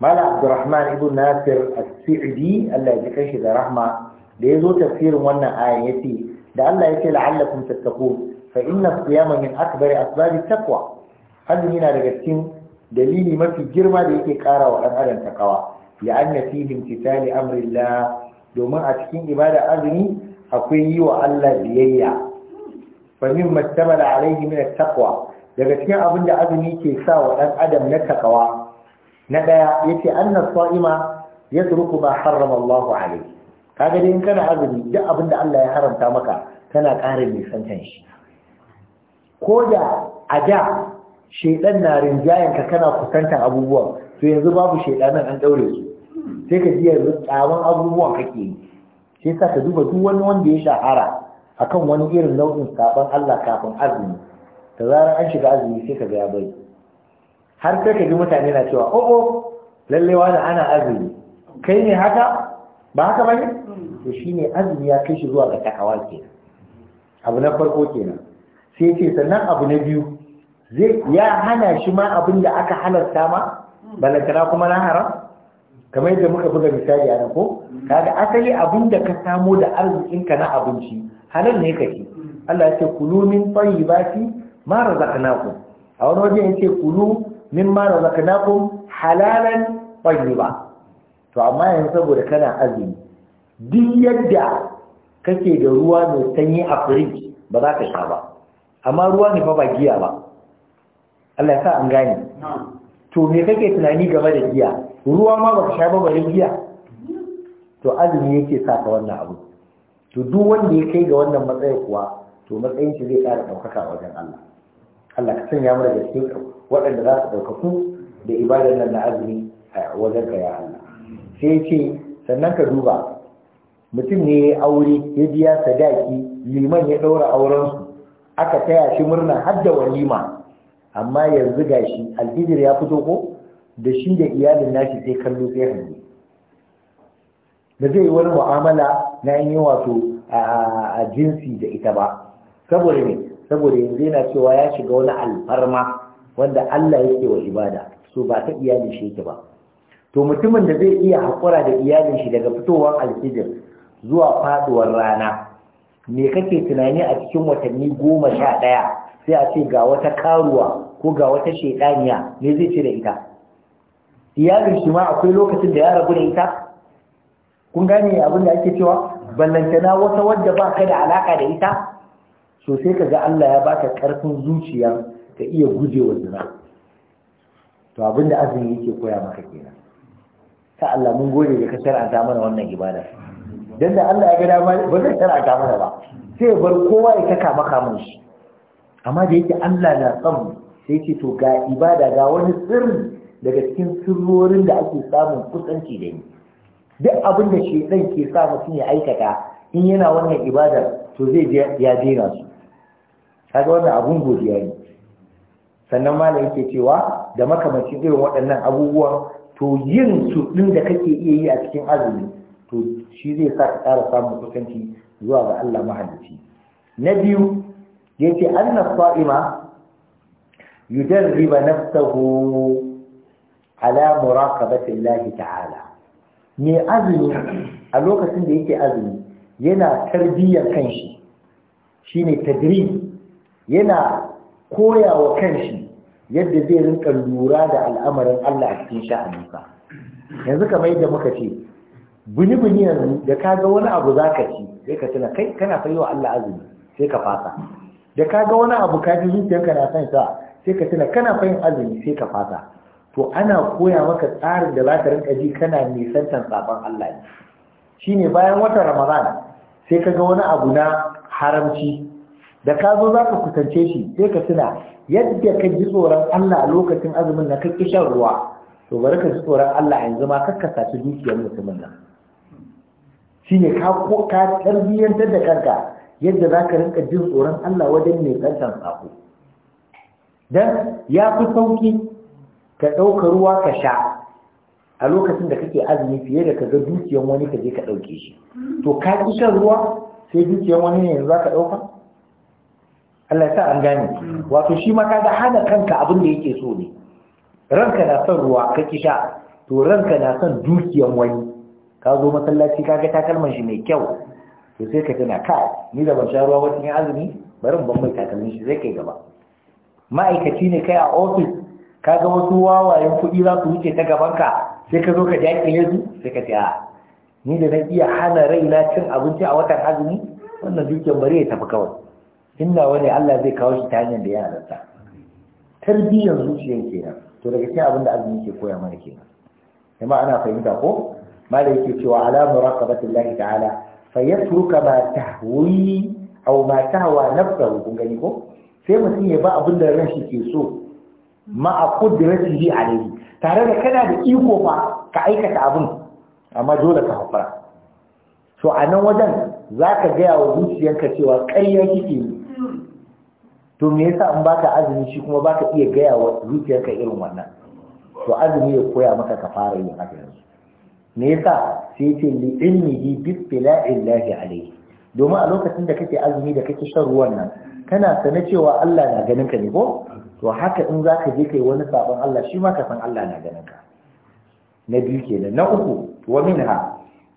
Speaker 1: Mallam abdurrahman ibn nasir as-sa'di Allah ya kai shi da rahma da yazo tafsirin wannan ayan yace da Allah yake la'allakum tattaqun fa inna siyama min a asbabi taqwa azumi na daga cikin dalili mafi girma da yake kara wa dan adam takawa ya anna fihi imtithali amrillah domin a cikin ibada azumi akwai yi wa Allah biyayya fa mimma tamala alaihi min at-taqwa daga cikin abin da azumi ke sa wa dan adam na takawa na ɗaya yace anna sa'ima yatruku ma harrama Allahu alayhi kaga dai in kana azumi duk abin da Allah ya haramta maka kana ƙara nisantan shi ko da a da shaiɗan na rinjayen ka kana kusantan abubuwan to yanzu babu nan an daure su sai ka ji yanzu tsaron abubuwan kake yi sai sa ka duba duk wani wanda ya shahara akan wani irin nau'in sabon Allah kafin azumi da zarar an shiga azumi sai ka ga ya bari har sai ka ji mutane na cewa oh lallai oh, lalle wani ana azumi kai ne haka ba haka bane to shine azumi ya kai shi zuwa ga takawa ke abu na farko kenan sai ce sannan abu na biyu zai ya hana shi ma abin da aka halarta ma balantana kuma na haram kamar yadda muka buga misali a nan ko kaga asali abin da ka samo da arzikin ka na abinci halal ne kake Allah ya ce kulu min tayyibati ma razaqnakum a wani waje ya ce kulu mimma razaqnakum halalan tayyiba to amma yanzu saboda kana azumi duk yadda kake da ruwa mai sanyi a firij ba za ka sha ba amma ruwa ne fa ba giya ba Allah ya sa an gane to me kake tunani game da giya ruwa ma baka sha ba bare giya to azumi yake sa ka wannan abu to duk wanda ya kai ga wannan matsayi kuwa to matsayin shi zai ƙara ɗaukaka wajen Allah Allah ka sanya mana da cikin waɗanda za su ɗaukaku da ibadar nan na azumi a wajen ka ya Allah sai ya ce sannan ka duba mutum ne ya aure ya biya sadaki liman ya ɗaura auren su aka taya shi murna har da walima amma yanzu ga shi alhijir ya fito ko da shi da iyalin nashi sai kallo sai hannu da zai yi wani mu'amala na yin wato a jinsi da ita ba saboda ne saboda yanzu yana cewa ya shiga wani alfarma wanda Allah yake wa ibada so ba ta iyalin shi yake ba to mutumin da zai iya haƙura da iyalin shi daga fitowar alfijir zuwa faduwar rana me kake tunani a cikin watanni goma sha ɗaya sai a ce ga wata karuwa ko ga wata shaidaniya ne zai ce da ita iyalin shi ma akwai lokacin da ya rabu da ita kun gane abin da ake cewa ballantana wata wadda ba ka da alaka da ita so sai ka ga Allah ya baka karfin zuciya ka iya guje wa zina to abinda azumi yake koya maka kenan ta Allah mun gode da ka shar'anta mana wannan ibada dan da Allah ya ga dama ba zai shar'anta mana ba sai bar kowa ya kaka maka mun shi amma da yake Allah na tsam sai ce to ga ibada ga wani sirri daga cikin sirrorin da ake samun kusanci da ni duk abin da shedan ke sa mutum ya aikata in yana wannan ibada to zai ya daina su kaga wannan abun godiya ne sannan Malam yake cewa da makamancin irin waɗannan abubuwan to yin su ɗin da kake iya yi a cikin azumi to shi zai sa ka ƙara samun kusanci zuwa ga Allah mahalicci na biyu yace anna sa'ima yudarriba nafsahu ala muraqabati Allah ta'ala me azumi a lokacin da yake azumi yana tarbiyyar kanshi shine tadrib yana koya wa kanshi yadda zai rinka lura da al'amarin Allah a cikin sha'anuka yanzu kamar yadda muka ce bini-bini buni yanzu da ka ga wani abu za ka ci sai ka tuna kai kana fa wa Allah azumi sai ka fasa da ka ga wani abu ka ji zuciyarka na san sa sai ka tuna kana fa yin azumi sai ka fasa to ana koya maka tsarin da za ka rinka ji kana nisantan sabon Allah ne shine bayan watan Ramadan sai ka ga wani abu na haramci da ka zo za ka kusance shi sai ka tuna yadda ka ji tsoron Allah a lokacin azumin na kakki shan ruwa to bari ka ji tsoron Allah a yanzu ma kakka saci dukiyar mutumin nan shi ne ka tarbiyyantar da kanka yadda za ka rinka jin tsoron Allah wajen mai tsantsan sako dan ya fi sauki ka ɗauka ruwa ka sha a lokacin da kake azumi fiye da ka ga dukiyar wani ka je ka ɗauke shi to ka ƙi shan ruwa sai dukiyar wani ne yanzu za ka ɗauka Allah ya sa an gane wato shi ma kaga hana kanka abin da yake so ne ranka na son ruwa ka kisha to ranka na son dukiyan wani ka zo masallaci kaga takalman shi mai kyau to sai ka tana kai ni da ban sha ruwa wata yin azumi bari ban mai takalmin shi sai kai gaba ma'aikaci ne kai a ofis kaga wasu wawayen kuɗi za su wuce ta gaban ka? sai ka zo ka jaƙile su sai ka ce ni da na iya hana raina cin abinci a watan azumi wannan dukiyar bari ya tafi kawai in nawa Allah zai kawo shi ta hanyar da ya halatta tarbiyyar zuciyar kenan to daga cikin abin da azumi ke koya mana kenan jama'a ana fahimta ko malai yake cewa ala muraqabati Allah ta'ala fa yatruka ma tahwi aw ma tahwa nafsuhu kun gani ko sai mutum ya ba abin da ran shi ke so a qudratihi alayhi tare da kana da iko fa ka aikata abin amma dole ka hakura to a nan wajen za ka gaya wa zuciyarka cewa ƙarya kike yi to me yasa in baka azumi shi kuma baka iya gaya wa zuciyarka irin wannan to azumi ya koya maka ka fara yin haka yanzu me yasa sai ce li ilmihi bi bila'illahi alayhi domin a lokacin da kake azumi da kake shan ruwan nan kana sane cewa Allah na ganin ka ne ko to haka in zaka je kai wani sabon Allah shi ma ka san Allah na ganin ka na biyu kenan na uku wa minha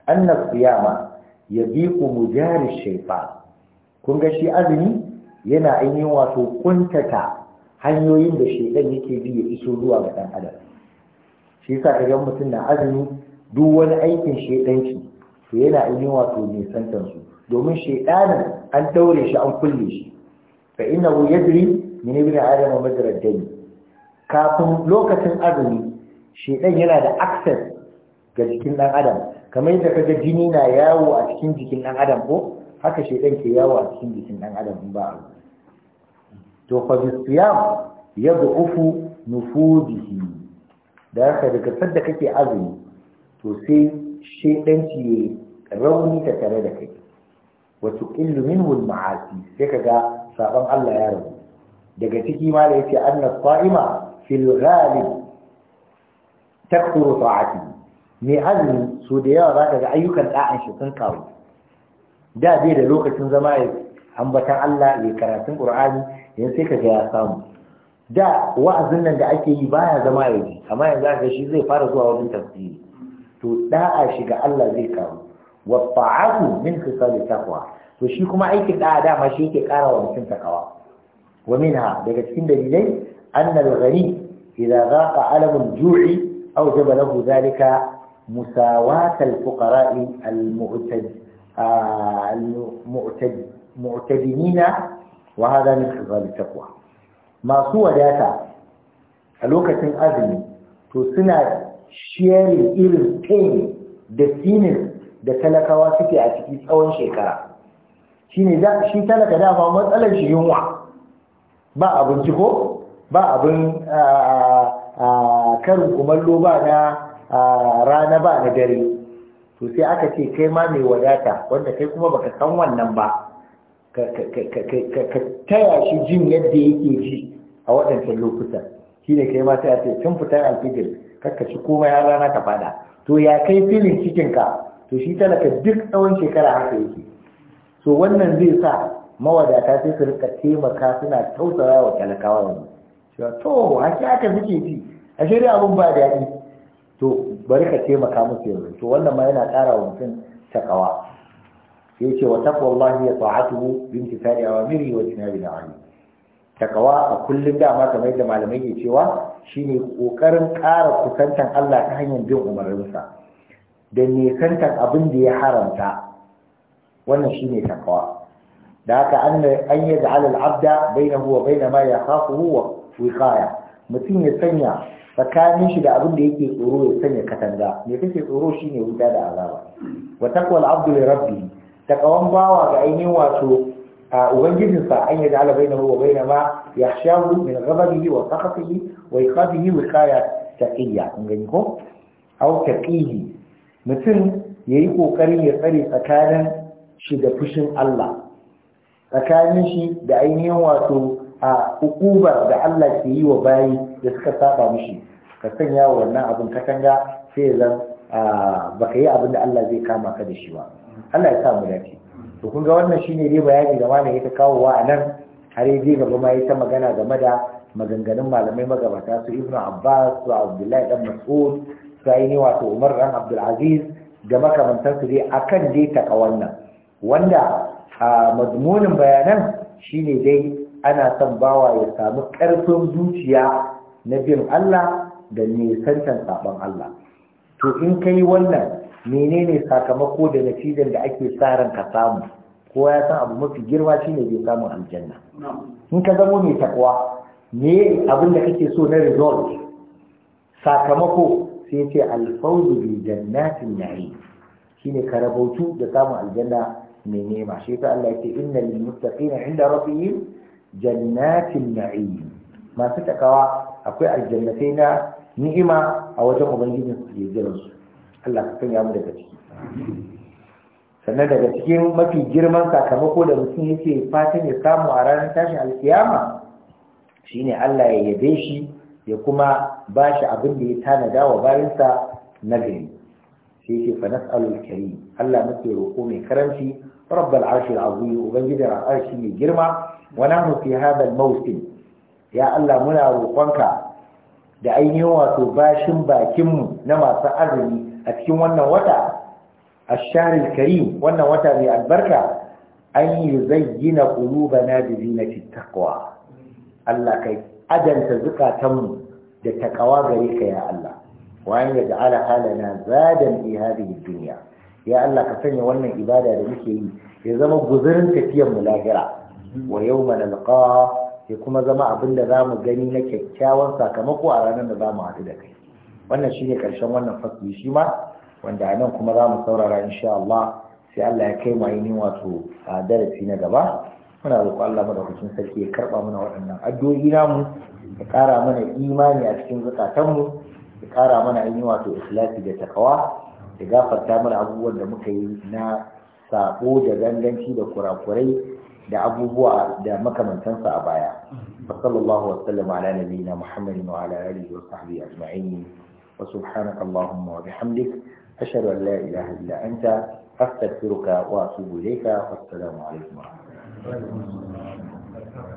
Speaker 1: anna siyama yabiqu mujari shaytan kun ga shi azumi yana ainihin wato kuntata hanyoyin da shedan yake bi ya iso zuwa ga ɗan adam shi yasa ga mutum na azumi duk wani aikin shedanci to yana ainihin wato nisantar su domin shedanin an daure shi an kulle shi fa innahu yadri min ibn adam madra dani kafin lokacin azumi shedan yana da access ga jikin ɗan adam kamar yadda kaga jini na yawo a cikin jikin ɗan adam ko haka shaidan ke yawo a cikin jikin dan adam in ba a to fa bisiyam yad'ufu nufudihi da haka daga sadda kake azumi to sai shaidanci rauni ta tare da kai wa tuqillu minhu al-ma'asi sai kaga Allah ya rabu daga ciki ma da yace anna sa'ima fil ghalib takthuru ta'ati mai azumi so da yawa zaka ga ayyukan da'an shi sun kawo da bai da lokacin zama ya ambatan Allah ya karatun Qur'ani yanzu sai kaga ya samu da wa'azin nan da ake yi baya zama ya ji amma yanzu aka shi zai fara zuwa wajen tafsiri to da'a shiga Allah zai karu wa ta'atu min khisal taqwa to shi kuma aikin da'a ma shi yake ƙara wa mutum takawa wa minha daga cikin dalilai anna al-ghani idza alamun alam al-ju'i awjaba lahu dhalika musawat al-fuqara'i al-mu'tadi المعتدين وهذا من خصال التقوى ما سوى ذاتا a lokacin azumi to suna sharing irin pain da sinin da talakawa suke a ciki tsawon shekara shi ne shi talaka dama matsalar shi yunwa ba abinci ko ba abin karin kumallo ba na rana ba na dare to sai aka ce kai ma mai wadata wanda kai kuma baka san wannan ba ka taya shi jin yadda yake ji a waɗancan lokutan shi ne kai ma sai a ce tun fitar alfijir kakka ci komai ya rana ka fada to ya kai filin cikinka to shi talaka duk tsawon shekara haka yake To wannan zai sa mawadata sai su rika taimaka suna tausaya wa talakawa wani. cewa to haki aka suke ji a shirya abun ba daɗi to bari ka taimaka musu yanzu to wannan ma yana ƙara wa mutum takawa sai ce wa taqwallahi ya ta'atuhu bi imtisali awamiri wa jinabi na'ani takawa a kullum dama kamar yadda malamai ke cewa shine kokarin ƙara kusantan Allah ta hanyar bin umarninsa da nisantan abin da ya haramta wannan shine takawa da haka an an yaj'al al-abda bainahu wa bain ma yakhafuhu wa wiqaya mutum ya sanya tsakanin shi da abin da yake tsoro ya sanya katanga me kake tsoro shine wuta da azaba wa taqwal abdu li rabbi bawa ga ainihin wato a ubangijin sa an yi dala bainahu wa baina yahshahu min ghadabihi wa saqatihi wa iqabihi wa kaya taqiyya in gani ko aw taqihi mutum yayi kokarin ya tsare tsakanin shi da fushin Allah tsakanin shi da ainihin wato a hukubar da Allah ke yi wa bayi da suka saba mishi ka sanya wannan abin katanga sai zan ka yi abin da Allah zai kama ka da shi ba Allah ya sa mu dace to kun ga wannan shine dai bayani da malam ta kawo wa nan har yaje gaba ma ta magana game da maganganun malamai magabata su Ibn Abbas su Abdullahi dan Mas'ud su ainihi wato Umar dan Abdul Aziz da makamantar su dai akan dai ta wannan wanda a mazmunin bayanan shine dai ana son bawa ya samu ƙarfin zuciya na bin Allah da nisantan saɓon Allah to in ka yi wannan menene sakamako da natijan da ake sa ran ka samu kowa ya san abu mafi girma ne bai samun aljanna in ka zamo mai takwa me abin da kake so na result sakamako sai ce alfawzu bi jannatin na'im shine karabautu da samun aljanna mai nema shi ta Allah yake innal muttaqina inda rabbihim jannatin na'im masu takawa akwai aljannatai na ni'ima a wajen ubangiji su ke jiran su Allah ka sanya mu daga ciki sannan daga cikin mafi girman sakamako da mutum yake fatan ya samu a ranar tashin alkiyama shine Allah ya yabe shi ya kuma ba shi abin da ya tanada wa bayansa na gari sai yake fa nas'alul karim Allah muke roƙo mai karanci rabbal arshil azim ubangijin arshi mai girma wa nahnu fi hadha al ya Allah muna roƙonka da ainihin wato bashin bakinmu na masu azumi a cikin wannan wata a shahril karim wannan wata mai albarka an yuzayyina qulubana bi zinati taqwa Allah kai adanta zukatanmu da takawa gare ka ya Allah wa an yaj'ala halana zadan fi hadhihi dunya ya Allah ka sanya wannan ibada da muke yi ya zama guzurin tafiyar mu lahira wa yawma nalqa ya kuma zama abin da za mu gani na kyakkyawan sakamako a ranar da zamu haɗu da kai wannan shine ƙarshen wannan fasli shi ma wanda anan kuma zamu saurara insha Allah sai Allah ya kai mu ainihin wato darasi na gaba muna roƙo Allah madaukakin sarki ya karɓa mana waɗannan addu'o'i namu ya ƙara mana imani a cikin zukatanmu ya ƙara mana ainihi wato ikhlasi da takawa ya gafarta mana abubuwan da muka yi na sako da ganganci da kurakurai da abubuwa da makamantansa a baya wa sallallahu wasallam ala nabiyina muhammadin wa ala alihi wa sahbihi ajma'in wa subhanaka allahumma wa bihamdik ashhadu an la ilaha illa anta astaghfiruka wa atubu ilayka wassalamu alaikum wa rahmatullahi